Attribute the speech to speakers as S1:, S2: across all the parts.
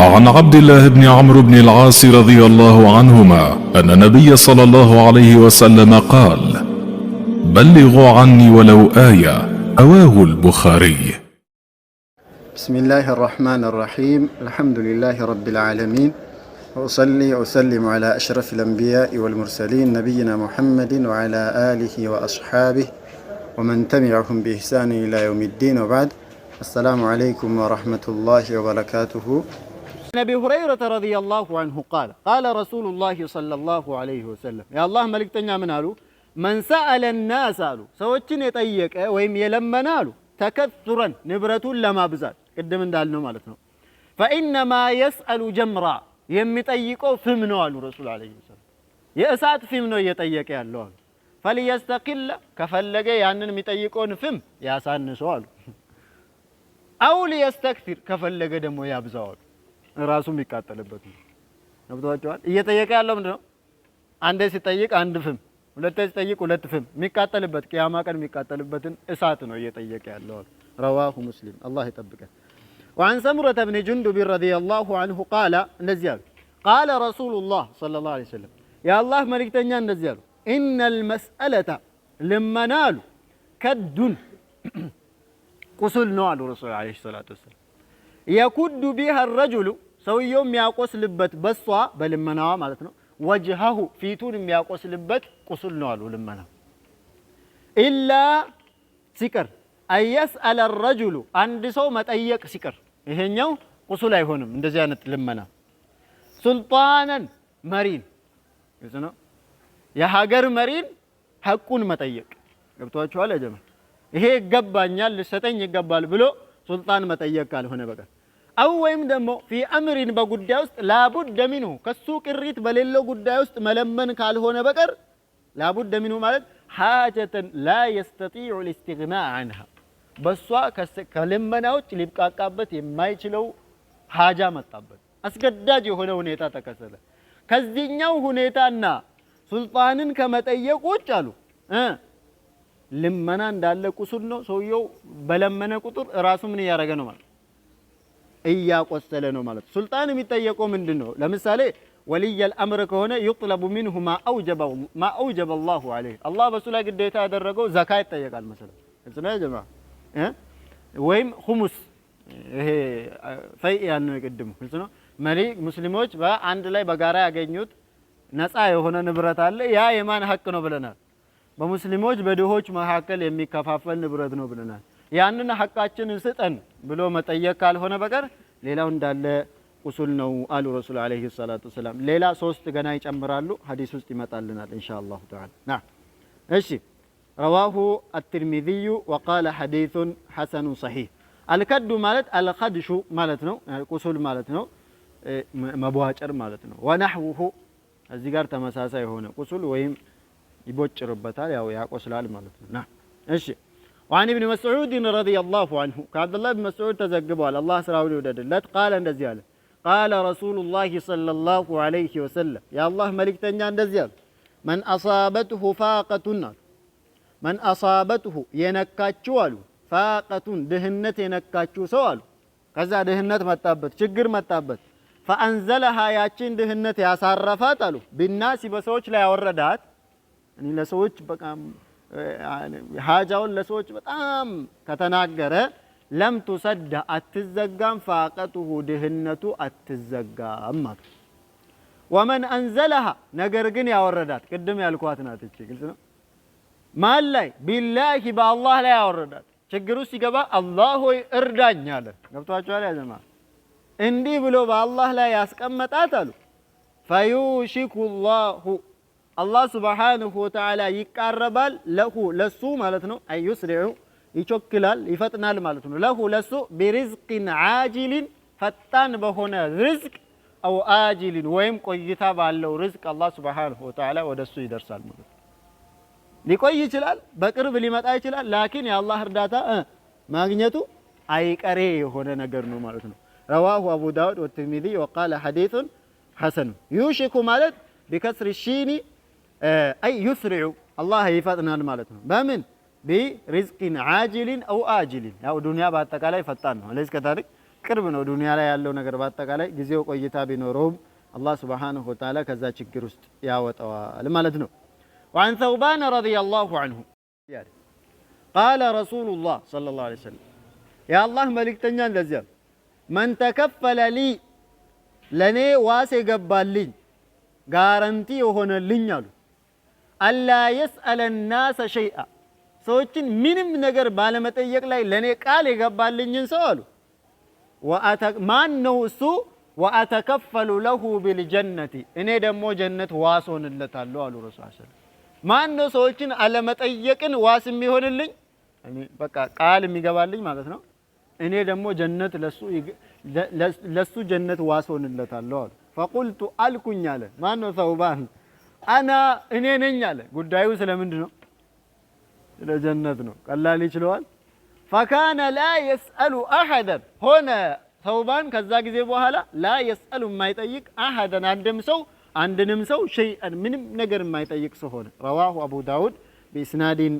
S1: عن عبد الله بن عمرو بن العاص رضي الله عنهما أن النبي صلى الله عليه وسلم قال بلغوا عني ولو آية أواه البخاري
S2: بسم الله الرحمن الرحيم الحمد لله رب العالمين وأصلي وأسلم على أشرف الأنبياء والمرسلين نبينا محمد وعلى آله وأصحابه ومن تبعهم بإحسان إلى يوم الدين وبعد السلام عليكم ورحمة الله وبركاته
S3: አቢ ሁረይረተ ረዲየላሁ አንሁ ቃለ ቃለ ረሱሉላሂ ሰለላሁ ዐለይሂ ወሰለም የአላህ መልእክተኛ ምን አሉ? መን ሰአለ ናስ አሉ ሰዎችን የጠየቀ ወይም የለመነ አሉ ተከቱረን ንብረቱን ለማብዛት ቅድም እንዳልነው ማለት ነው። ፈኢነማ የስአሉ ጀምራ የሚጠይቀው ፍም ነው አሉ ረሱል ዐለይሂ ወሰለም የእሳት ፍም ነው እየጠየቀ ያለው አሉ። ፈልየስተቂለ ከፈለገ ያንን የሚጠይቀውን ፍም ያሳንሰው አሉ። አው ሊየስተክቲር ከፈለገ ደግሞ ያብዛው አሉ። ራሱ የሚቃጠልበት ነው። ገብቷቸዋል። እየጠየቀ ያለው ምንድን ነው? አንዴ ሲጠይቅ አንድ ፍም፣ ሁለቴ ሲጠይቅ ሁለት ፍም የሚቃጠልበት ቅያማ ቀን የሚቃጠልበትን እሳት ነው እየጠየቀ ያለው። ረዋሁ ሙስሊም አላህ ይጠብቀን። ወአን ሰምረተ ብን ጁንዱብ ረዲየላሁ አንሁ ቃለ እንደዚህ አሉ። ቃለ ረሱሉላህ ሰለላሁ ዐለይሂ ወሰለም የአላህ መልእክተኛ እንደዚህ አሉ። ኢነል መስአለተ ልመና አሉ ከዱን ቁስል ነው አሉ ረሱል ዐለይሂ ሰላቱ ወሰላም የኩዱ ቢሃ ረጁሉ ሰውየው የሚያቆስልበት በሷ በልመናዋ ማለት ነው። ወጅሀሁ ፊቱን የሚያቆስልበት ቁስል ነው አሉ ልመና ኢላ ሲቀር አየስአለ ረጅሉ አንድ ሰው መጠየቅ ሲቀር ይሄኛው ቁስል አይሆንም። እንደዚህ አይነት ልመና ሱልጣነን መሪን ነው የሀገር መሪን ሐቁን መጠየቅ ገብቷችኋል? ጀመ ይሄ ይገባኛል ልሰጠኝ ይገባል ብሎ ሱልጣን መጠየቅ ካልሆነ በቀር አው ወይም ደግሞ ፊ አምሪን በጉዳይ ውስጥ ላቡደ ሚንሁ ከሱ ቅሪት በሌለው ጉዳይ ውስጥ መለመን ካልሆነ በቀር ላቡደ ሚንሁ ማለት ሓጀተን ላ የስተጢዑ ልስትግና አንሃ በእሷ ከልመና ውጭ ሊብቃቃበት የማይችለው ሀጃ መጣበት፣ አስገዳጅ የሆነ ሁኔታ ተከሰተ። ከዚህኛው ሁኔታና ሱልጣንን ከመጠየቅ ውጭ አሉ ልመና እንዳለ ቁስል ነው። ሰውየው በለመነ ቁጥር ራሱ ምን እያደረገ ነው ማለት እያቆሰለ ነው ማለት ነው። ሱልጣን የሚጠየቀው ምንድን ነው? ለምሳሌ ወልየል አምር ከሆነ ዩጥለቡ ሚንሁ ማ አውጀበ አላሁ ዐለይህ አላህ በሱ ላይ ግዴታ ያደረገው ዘካ ይጠየቃል። መሰለ ወይም ሁሙስ ይሄ ፈይ ያልነው የቅድሙ ነው። መሊ ሙስሊሞች በአንድ ላይ በጋራ ያገኙት ነፃ የሆነ ንብረት አለ። ያ የማን ሀቅ ነው ብለናል። በሙስሊሞች በድሆች መካከል የሚከፋፈል ንብረት ነው ብለናል። ያንን ሀቃችን ስጠን ብሎ መጠየቅ ካልሆነ በቀር ሌላው እንዳለ ቁሱል ነው አሉ ረሱል ዓለይሂ ሰላቱ ወሰላም። ሌላ ሶስት ገና ይጨምራሉ፣ ሀዲስ ውስጥ ይመጣልናል ኢንሻአላሁ ተዓላ። እሺ ረዋሁ አትርሚዚዩ ወቃለ ሐዲሱን ሐሰኑን ሰሒህ። አልከዱ ማለት አልከድሹ ማለት ነው፣ ቁሱል ማለት ነው፣ መቧጨር ማለት ነው። ወናሕውሁ እዚህ ጋር ተመሳሳይ የሆነ ቁሱል ወይም ይቦጭርበታል፣ ያው ያቆስላል ማለት ነው። እሺ ወአን ብን መስዑድን ረዲየላሁ አንሁ ከአብዱላህ ብን መስዑድ ተዘግቧል አላህ ስራውን ይውደድለት። ቃለ እንደዚህ አለ ቃለ ረሱሉላሂ ሰለላሁ ዐለይሂ ወሰለም የአላህ መልእክተኛ እንደዚህ አሉ። መን አሳበትሁ ፋቀቱን አሉ መን አሳበትሁ የነካችው አሉ ፋቀቱን ድህነት የነካችው ሰው አሉ። ከዛ ድህነት መጣበት፣ ችግር መጣበት። ፈአንዘለሃ ያችን ድህነት ያሳረፋት አሉ ቢናሲ በሰዎች ላይ ያወረዳት ለሰዎች በቃ ሀጃውን ለሰዎች በጣም ከተናገረ ለም ቱሰዳ አትዘጋም፣ ፋቀቱሁ ድህነቱ አትዘጋም ማለት ወመን አንዘለሃ ነገር ግን ያወረዳት ቅድም ያልኳት ናት። እቺ ግልጽ ነው። ማን ላይ ቢላሂ በአላህ ላይ ያወረዳት ችግር ውስጥ ሲገባ አላህ ሆይ እርዳኝ አለ። ገብቷችኋል? ያዘማ እንዲህ ብሎ በአላህ ላይ ያስቀመጣት አሉ ፈዩሽኩ ላሁ አላህ ሱብሓነሁ ወተዓላ ይቃረባል። ለሁ ለሱ ማለት ነው። አይ ይቾክላል፣ ይፈጥናል ማለት ነው። ለሁ ለሱ ቢሪዝቅን ዓጅሊን ፈጣን በሆነ ርዝቅ አው አጅሊን ወይም ቆይታ ባለው ርዝቅ አላህ ሱብሓነሁ ወተዓላ ወደሱ ይደርሳል ማለት ነው። ሊቆይ ይችላል፣ በቅርብ ሊመጣ ይችላል። ላኪን የአላህ እርዳታ ማግኘቱ አይቀሬ የሆነ ነገር ነው ማለት ነው። ረዋሁ አቡ ዳውድ ወትርሚዚ ወቃለ ሐዲሱን ሐሰኑ ዩሽኩ ማለት ቢከስሪ ሺኒ አይ ዩስሪዑ አላህ ይፈጥናል ማለት ነው። በምን ቢሪዝቅን ዓጅሊን አው አጅሊን። ያው ዱንያ በአጠቃላይ ፈጣን ነው። ለዚህ ከታሪክ ቅርብ ነው። ዱንያ ላይ ያለው ነገር በአጠቃላይ ጊዜው ቆይታ ቢኖረውም አላህ ስብሓነሁ ወተዓላ ከዛ ችግር ውስጥ ያወጣዋል ማለት ነው። ወዐን ተውባን ረዲየላሁ ዐንሁ ቃለ ረሱሉላህ ሰለላሁ ዐለይሂ ወሰለም የአላህ መልእክተኛ እንደዚህ አሉ። መን ተከፈለ ሊ ለእኔ ዋስ የገባልኝ ጋረንቲ የሆነልኝ አሉ አላ የስአለ ናሰ ሸይአ ሰዎችን ምንም ነገር ባለመጠየቅ ላይ ለእኔ ቃል የገባልኝን ሰው አሉ ማን ነው እሱ? ወአተከፈሉ ለሁ ቢልጀነቲ እኔ ደግሞ ጀነት ዋስ ሆንለታለሁ አሉ ረሱ ማን ነው ሰዎችን አለመጠየቅን ዋስ የሚሆንልኝ በቃ ቃል የሚገባልኝ ማለት ነው። እኔ ደግሞ ጀነት ለሱ ጀነት ዋስ ሆንለታለሁ አሉ። ፈቁልቱ አልኩኝ አለ ማን ነው ሰውባን አና እኔ ነኝ አለ። ጉዳዩ ስለምንድን ነው? ስለ ጀነት ነው። ቀላል ይችለዋል። ፈካነ ላ የስአሉ አሐደን ሆነ ተውባን ከዛ ጊዜ በኋላ ላ የስአሉ የማይጠይቅ አሐደን አንድም ሰው አንድንም ሰው ሸይአን ምንም ነገር የማይጠይቅ ሰው ሆነ። ረዋሁ አቡ ዳውድ ቢእስናዲን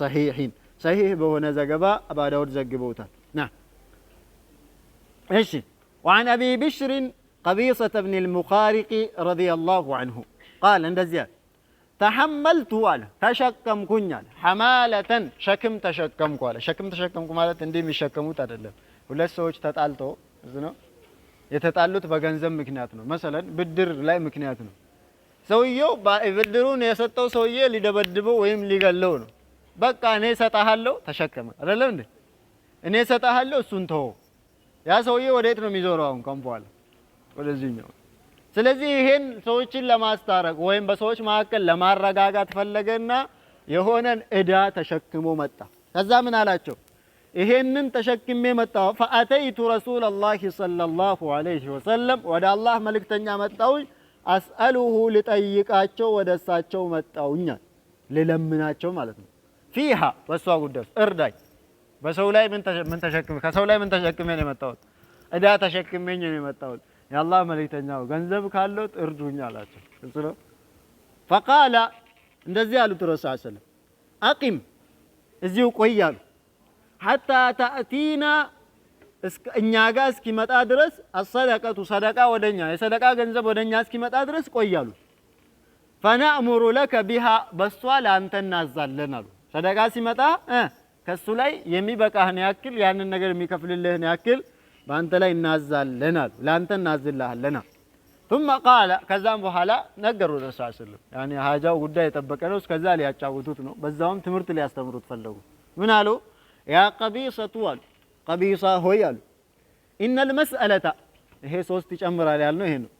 S3: ሰሒሒን ሰሒሕ በሆነ ዘገባ አባ ዳውድ ዘግበውታል። ና እሺ ወዐን አቢ ብሽርን ቀቢሰተ ብን ልሙኻሪቂ ረዲየላሁ ዐንሁ ቃል እንደዚህ ተሐመልቱ አለ ተሸከምኩኝ አለ ሐማለተን ሸክም ተሸከምኩ አለ። ሸክም ተሸከምኩ ማለት እንዲህ የሚሸከሙት አይደለም። ሁለት ሰዎች ተጣልቶ እዚ ነው የተጣሉት በገንዘብ ምክንያት ነው። መሰለን ብድር ላይ ምክንያት ነው። ሰውየው ብድሩን የሰጠው ሰውዬ ሊደበድበው ወይም ሊገለው ነው። በቃ እኔ ሰጣሃለሁ ተሸከመ አይደለም እንዴ? እኔ ሰጣሃለሁ እሱን ተወው። ያ ሰውዬ ወዴት ነው የሚዞረው? አሁን ወደዚህኛው ስለዚህ ይሄን ሰዎችን ለማስታረቅ ወይም በሰዎች መካከል ለማረጋጋት ፈለገና የሆነን እዳ ተሸክሞ መጣ። ከዛ ምን አላቸው? ይሄንን ተሸክሜ መጣ። ፈአተይቱ ረሱለላሂ ሰለላሁ ዐለይሂ ወሰለም ወደ አላህ መልእክተኛ መጣውኝ። አስአሉሁ ልጠይቃቸው፣ ወደ እሳቸው መጣውኛል፣ ልለምናቸው ማለት ነው። ፊሃ በእሷ ጉዳይ እርዳኝ። በሰው ላይ ምን ተሸክሜ ከሰው ላይ ምን ተሸክሜ ነው የመጣሁት? እዳ ተሸክሜኝ ነው የመጣሁት የአላህ መልእክተኛው ገንዘብ ካለው እርዱኝ አላቸው። እሱ ነው ፈቃላ እንደዚህ ያሉት ረሱ ሰለም አቂም እዚው ቆይ አሉ። ሐታ ታእቲና እኛ ጋር እስኪመጣ ድረስ አሰደቀቱ ሰደቃ ወደኛ የሰደቃ ገንዘብ ወደኛ እስኪመጣ ድረስ ቆያሉ አሉ። ፈናእሙሩ ለከ ቢሃ በሷ ለአንተ እናዛለን አሉ። ሰደቃ ሲመጣ ከሱ ላይ የሚበቃህን ያክል ያንን ነገር የሚከፍልልህን ያክል በአንተ ላይ እናዛለን አሉ። ለአንተ እናዝልሃለን አሉ። ቱመ ቃለ ከዛም በኋላ ነገሩ ረሱ ስለም ያኔ ሀጃው ጉዳይ የጠበቀ ነው። እስከዛ ሊያጫውቱት ነው። በዛውም ትምህርት ሊያስተምሩት ፈለጉ። ምን አሉ? ያ ቀቢሰቱ አሉ ቀቢሳ ሆይ አሉ ኢነል መስአለታ ይሄ ሶስት ይጨምራል ያልነው ይሄ ነው።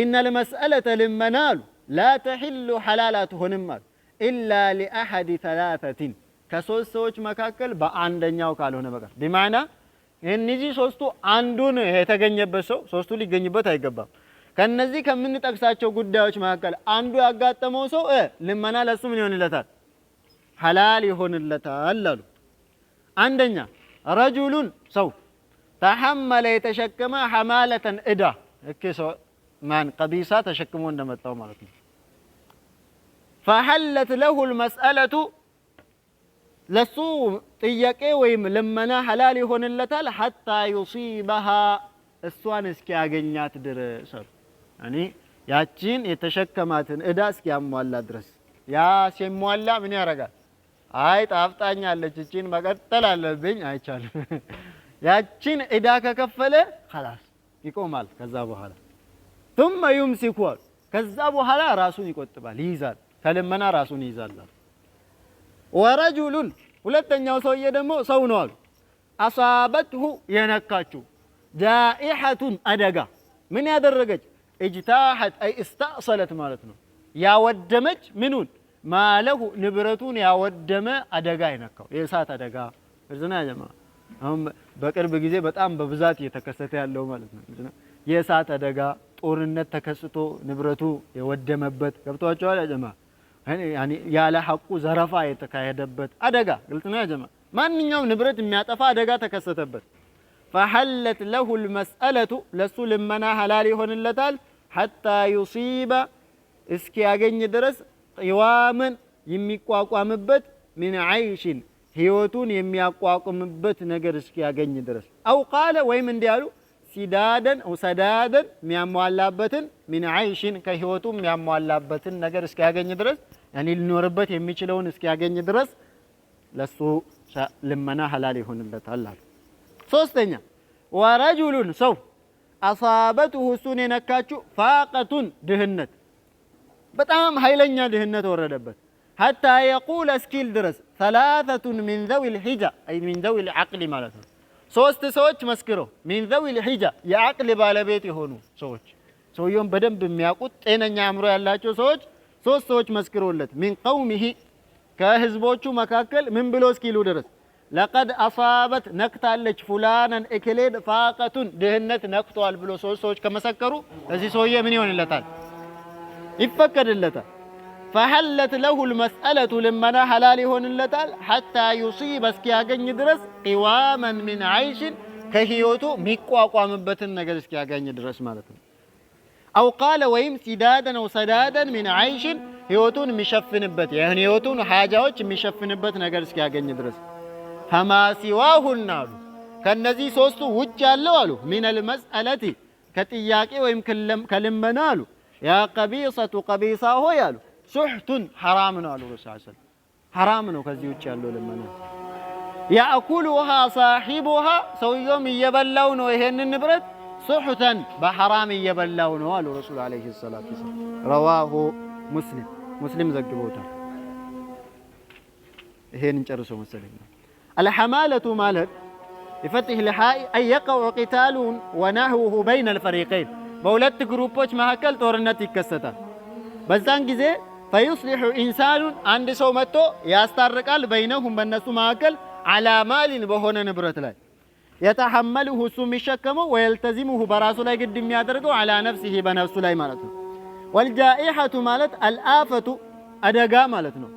S3: ኢነል መስአለተ ልመና አሉ ላ ተሒሉ ሐላል አትሆንም አሉ ኢላ ሊአሐድ ተላተቲን ከሶስት ሰዎች መካከል በአንደኛው ካልሆነ በቀር ቢማዕና እነዚህ ሶስቱ አንዱን የተገኘበት ሰው ሶስቱ ሊገኝበት አይገባም። ከነዚህ ከምንጠቅሳቸው ጉዳዮች መካከል አንዱ ያጋጠመው ሰው ልመና ለሱ ምን ይሆንለታል? ሐላል ይሆንለታል አሉ። አንደኛ ረጁሉን ሰው ተሐመለ የተሸከመ ሐማለተን እዳ እኪ ሰው ማን ቀቢሳ ተሸክሞ እንደመጣው ማለት ነው። ፈሐለት ለሁ ልመስአለቱ ለሱ ጥያቄ ወይም ልመና ሐላል ይሆንለታል። ሐታ ዩሲበሃ እሷን እስኪያገኛት ድረስ እኔ ያቺን የተሸከማትን እዳ እስኪያሟላ ድረስ። ያ ሲሟላ ምን ያደርጋል? አይ ጣፍጣኛለች፣ እቺን መቀጠል አለብኝ፣ አይቻልም። ያቺን እዳ ከከፈለ ኸላስ ይቆማል። ከዛ በኋላ ቱመ ዩምሲኩ ከዛ በኋላ ራሱን ይቆጥባል፣ ይይዛል፣ ከልመና ራሱን ይይዛል። ወረጁሉን ሁለተኛው ሰውዬ ደግሞ ሰው ነው አሉ። አሷበትሁ የነካችው ጃኢሐቱን አደጋ ምን ያደረገች እጅታሐት አይ እስታእሰለት ማለት ነው ያወደመች ምኑን ማለሁ ንብረቱን ያወደመ አደጋ የነካው የእሳት አደጋ እርዝና ጀማ አሁን በቅርብ ጊዜ በጣም በብዛት እየተከሰተ ያለው ማለት ነው የእሳት አደጋ ጦርነት ተከስቶ ንብረቱ የወደመበት ገብቷቸዋል ያጀማ ያለ ሐቁ ዘረፋ የተካሄደበት አደጋ ግልጽ ነው። ያጀማ ማንኛውም ንብረት የሚያጠፋ አደጋ ተከሰተበት። ፈሐለት ለሁ ልመስአለቱ ለሱ ልመና ሀላል ይሆንለታል። ሐታ ዩሲበ እስኪ ድረስ ቂዋምን የሚቋቋምበት ሚን ዓይሽን ህይወቱን የሚያቋቁምበት ነገር እስኪያገኝ ድረስ አው ቃለ ወይም እንዲያሉ አሉ ሲዳደን ሰዳደን የሚያሟላበትን ሚን ዓይሽን ከህይወቱ የሚያሟላበትን ነገር እስኪያገኝ ድረስ እኔ ሊኖርበት የሚችለውን እስኪያገኝ ድረስ ለሱ ልመና ሀላል ይሆንለታል አሉ። ሶስተኛ ወረጁሉን ሰው አሳበቱሁ እሱን የነካችው ፋቀቱን ድህነት፣ በጣም ኃይለኛ ድህነት ወረደበት። ሀታ የቁል እስኪል ድረስ ሰላሰቱን ሚን ዘዊል ሒጃ ሚን ዘዊል ዓቅሊ ማለት ነው። ሶስት ሰዎች መስክረው ሚን ዘዊል ሒጃ የዓቅል ባለቤት የሆኑ ሰዎች፣ ሰውየውን በደንብ የሚያውቁት ጤነኛ አእምሮ ያላቸው ሰዎች ሶስት ሰዎች መስክሮለት ሚን ቀውሚሂ ከህዝቦቹ መካከል ምን ብሎ እስኪሉ ድረስ ለቀድ አሳበት ነክታለች ፉላነን እክሌን ፋቀቱን ድህነት ነክቷል ብሎ ሶስት ሰዎች ከመሰከሩ እዚህ ሰውዬ ምን ይሆንለታል? ይፈቀድለታል። ፈሐለት ለሁል መስአለቱ ልመና ሐላል ይሆንለታል። ሐታ ዩሲበ እስኪያገኝ ድረስ ቂዋመን ሚን ዓይሽን ከህይወቱ የሚቋቋምበትን ነገር እስኪያገኝ ድረስ ማለት ነው። አው ቃለ ወይም ሲዳደን ው ሰዳደን ሚን ዓይሽን ህይወቱን የሚሸፍንበት ይህን ህይወቱን ሀጃዎች የሚሸፍንበት ነገር እስኪያገኝ ድረስ ፈማሲዋሁና አሉ ከእነዚህ ሶስቱ ውጭ ያለው አሉ ሚነል መስአለቲ ከጥያቄ ወይም ከልመና አሉ ያ ቀቢሰቱ ቀቢሳ ሆይ አሉ ሱሕቱን ሐራም ነው አሉ ረሱ ሐራም ነው። ከዚህ ውጭ ያለው ልመና ያእኩሉሃ ሳሒቡሃ ሰውየውም እየበላው ነው ይሄንን ንብረት ስሑተን በሐራም እየበላው ነው አሉ ረሱሉ ዓለይሂ ሰላቱ ወሰላም። ረዋሁ ሙስሊም ሙስሊም ዘግቦታል። ይሄን እንጨርሶ መሰለኝ አልሐማለቱ ማለት የፈትህ ልሓኢ አን የቀዑ ቂታሉን ወናህውሁ በይነ አልፈሪቀይን በሁለት ግሩፖች መካከል ጦርነት ይከሰታል። በዛን ጊዜ ፈዩስሊሑ ኢንሳኑን አንድ ሰው መጥቶ ያስታርቃል፣ በይነሁም በእነሱ መካከል ዓላ ማሊን በሆነ ንብረት ላይ የተሐመልሁ እሱ የሚሸከመው ወየልተዚሙሁ በራሱ ላይ ግድ የሚያደርገው አላ ነፍሲሂ በነፍሱ ላይ ማለት ነው። ወልጃኢሐቱ ማለት አልአፈቱ አደጋ ማለት ነው።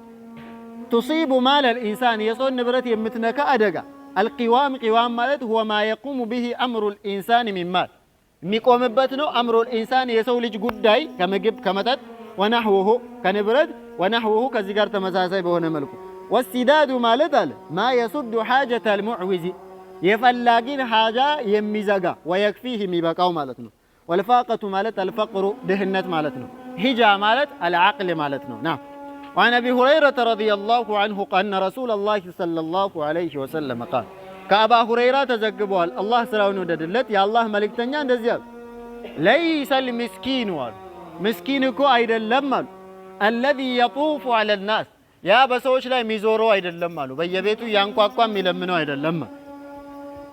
S3: ቱሲቡ ማለል ኢንሳን የሰውን ንብረት የምትነካ አደጋ። አልቂዋም ቂዋም ማለት ሁወ ማ የቁሙ ብሂ አምሩል ኢንሳን ሚማል የሚቆምበት ነው። አምሩል ኢንሳን የሰው ልጅ ጉዳይ ከምግብ ከመጠጥ፣ ወናህወሁ ከንብረት፣ ወናህወሁ ከዚህ ጋር ተመሳሳይ በሆነ መልኩ ወስዳዱ ማለት አለ ማ የሱዱ ሓጀተ አልሙዕዊዚ የፈላጊን ሀጃ የሚዘጋ ወየክፊህ የሚበቃው ማለት ነው። ወልፋቀቱ ማለት አልፈቅሩ ድህነት ማለት ነው። ሂጃ ማለት አልዓቅል ማለት ነው። ና ወአን አቢ ሁረይረተ ረዲየላሁ አንሁ አነ ረሱለላሂ ሰለላሁ ዐለይሂ ወሰለም ቃል ከአባ ሁረይራ ተዘግበዋል። አላህ ስራውን ወደድለት። የአላህ መልእክተኛ እንደዚህ አሉ፣ ለይሰል አሉ፣ ምስኪን እኮ አይደለም አሉ፣ አለዚ የጡፉ ዐለናስ ያ በሰዎች ላይ የሚዞረው አይደለም አሉ፣ በየቤቱ ያንቋቋ የሚለምነው አይደለም አሉ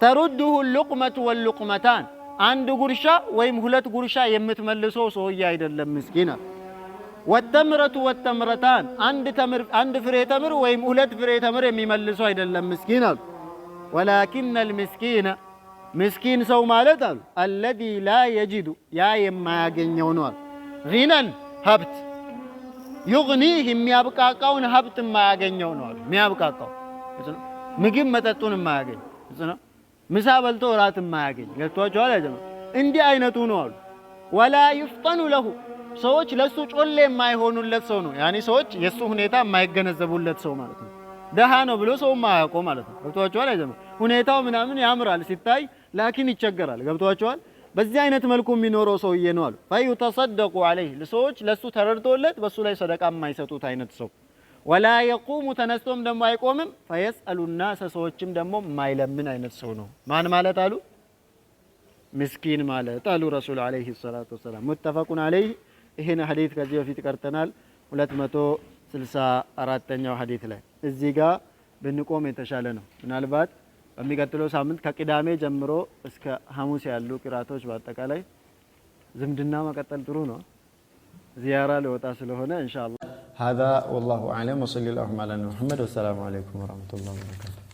S3: ተሩድሁ ሉቅመቱ ወሉቅመታን አንድ ጉርሻ ወይም ሁለት ጉርሻ የምትመልሰው ሰውዬ አይደለም ምስኪና። ወተምረቱ ወተምረታን አንድ ፍሬ ተምር ወይም ሁለት ፍሬ ተምር የሚመልሰው አይደለም ምስኪን አሉ። ወላኪነል ምስኪን ምስኪን ሰው ማለት አሉ አለዚ ላ የጅዱ ያ የማያገኘው ነው አሉ ጊናን ሀብት ዩግኒህ የሚያብቃቃውን ሀብት የማያገኘው ነው አሉ። የሚያብቃቃው ምግብ መጠጡን የማያገኝ ምሳ በልቶ እራት የማያገኝ ገብቷቸዋል። አይደለም እንዲህ አይነቱ ነው አሉ። ወላ ይፍጠኑ ለሁ ሰዎች ለሱ ጮሌ የማይሆኑለት ሰው ነው። ያኔ ሰዎች የእሱ ሁኔታ የማይገነዘቡለት ሰው ማለት ነው። ደሃ ነው ብሎ ሰው የማያውቀው ማለት ነው። ገብቷቸዋል። አይደለም ሁኔታው ምናምን ያምራል ሲታይ፣ ላኪን ይቸገራል። ገብቷቸዋል። በዚህ አይነት መልኩ የሚኖረው ሰውዬ ነው አሉ። ፈዩተሰደቁ አለይህ ለሰዎች ለሱ ተረድቶለት በሱ ላይ ሰደቃ የማይሰጡት አይነት ሰው ወላ የቁሙ ተነስቶም ደግሞ አይቆምም። ፈየስአሉ ናሰ ሰዎችም ደግሞ ማይለምን አይነት ሰው ነው። ማን ማለት አሉ ምስኪን ማለት አሉ ረሱል አለይሂ ሰላቱ ወሰላም። ሙተፈቁን አለይህ። ይህን ሀዲት ከዚህ በፊት ቀርተናል፣ 264ኛው ሀዲት ላይ እዚህ ጋር ብንቆም የተሻለ ነው። ምናልባት በሚቀጥለው ሳምንት ከቅዳሜ ጀምሮ እስከ ሐሙስ ያሉ ቅራቶች በአጠቃላይ ዝምድና መቀጠል ጥሩ ነው። ዚያራ ሊወጣ ስለሆነ
S4: ኢንሻአላህ هذا والله أعلم وصلى اللهم على محمد والسلام عليكم ورحمة الله وبركاته